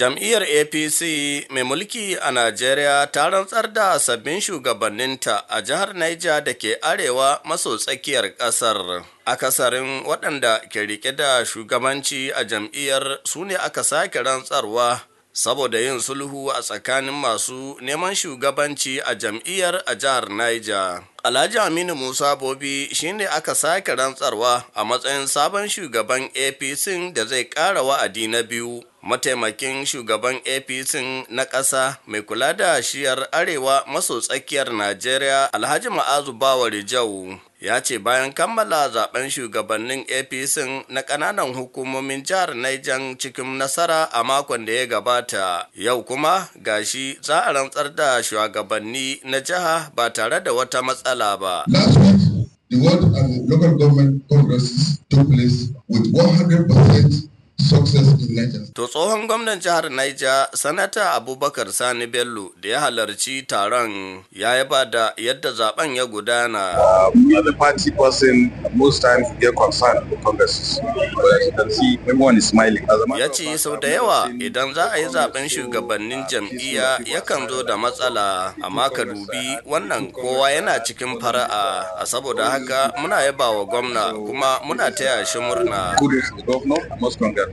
Jam'iyyar APC mai mulki a Najeriya ta rantsar da sabbin shugabanninta a jihar Niger da ke arewa maso tsakiyar ƙasar. Akasarin waɗanda ke rike da shugabanci a jam'iyyar su ne aka sake rantsarwa saboda yin sulhu a tsakanin masu neman shugabanci a jam'iyyar a jihar Niger. Alhaji Aminu Musa Bobi shine aka sake rantsarwa a matsayin sabon shugaban APC da zai ƙara wa'adi na biyu. Mataimakin shugaban APC na ƙasa mai kula da shiyar arewa maso tsakiyar Najeriya Alhaji Ma'azu Bawari Jau ya ce bayan kammala zaben shugabannin APC na ƙananan hukumomin jihar Niger cikin nasara a makon da ya gabata. Yau kuma gashi za a rantsar da shugabanni na jiha ba tare da wata matsala matsala ba. The World and Local Government Congresses took place with 100% To tsohon gwamnan jihar Niger, Sanata Abubakar Sani Bello da ya halarci taron ya yaba da yadda zaben ya gudana. Ya ce sau da yawa idan za a yi zaben shugabannin jam'iyya yakan zo da matsala, amma ka dubi wannan kowa yana cikin fara'a. Uh, a saboda haka muna yaba wa gwamna kuma muna taya shi murna.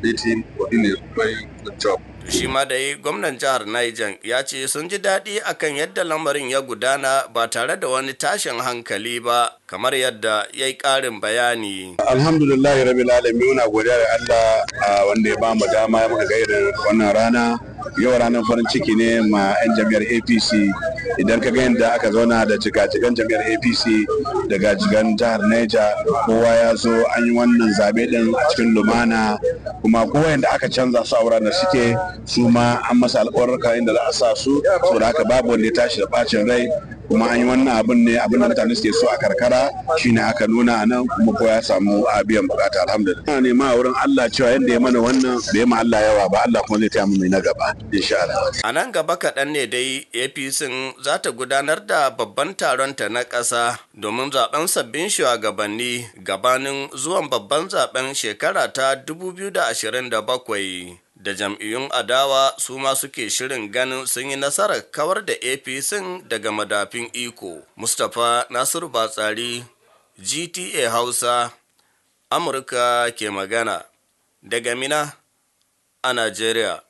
accommodating coordinate shi ma yi gwamnan jihar Niger ya ce sun ji daɗi akan yadda lamarin ya gudana ba tare da wani tashin hankali ba kamar yadda ya yi ƙarin bayani. Alhamdulillah rabi lalami muna godiya da Allah wanda ya ba mu dama muka ga wannan rana yau ranar farin ciki ne ma 'yan jami'ar APC idan ka ga yadda aka zauna da jigajigan jami'ar apc daga jigan jihar neja kowa ya zo an yi wannan zaɓe ɗin a cikin lumana kuma kowa yadda aka canza su a wuraren da suke su ma an masa alƙawarka inda za a sa su saboda haka babu wanda ya tashi da ɓacin rai kuma an yi wannan abin ne abin da mutane suke so a karkara shine aka nuna a nan kuma ko ya samu biyan bukata alhamdulillah ina nema wurin Allah cewa yadda ya mana wannan bai ma Allah yawa ba Allah kuma zai taya mu mai na gaba insha Allah a nan gaba kaɗan ne dai APC za ta gudanar da babban taron ta na ƙasa domin zaben sabbin shugabanni gabanin zuwan babban zaben shekara ta 2027 da jam'iyyun adawa su ma suke shirin ganin sun yi nasarar kawar da apc daga madafin iko mustapha nasiru batsari gta hausa amurka ke magana daga mina a najeriya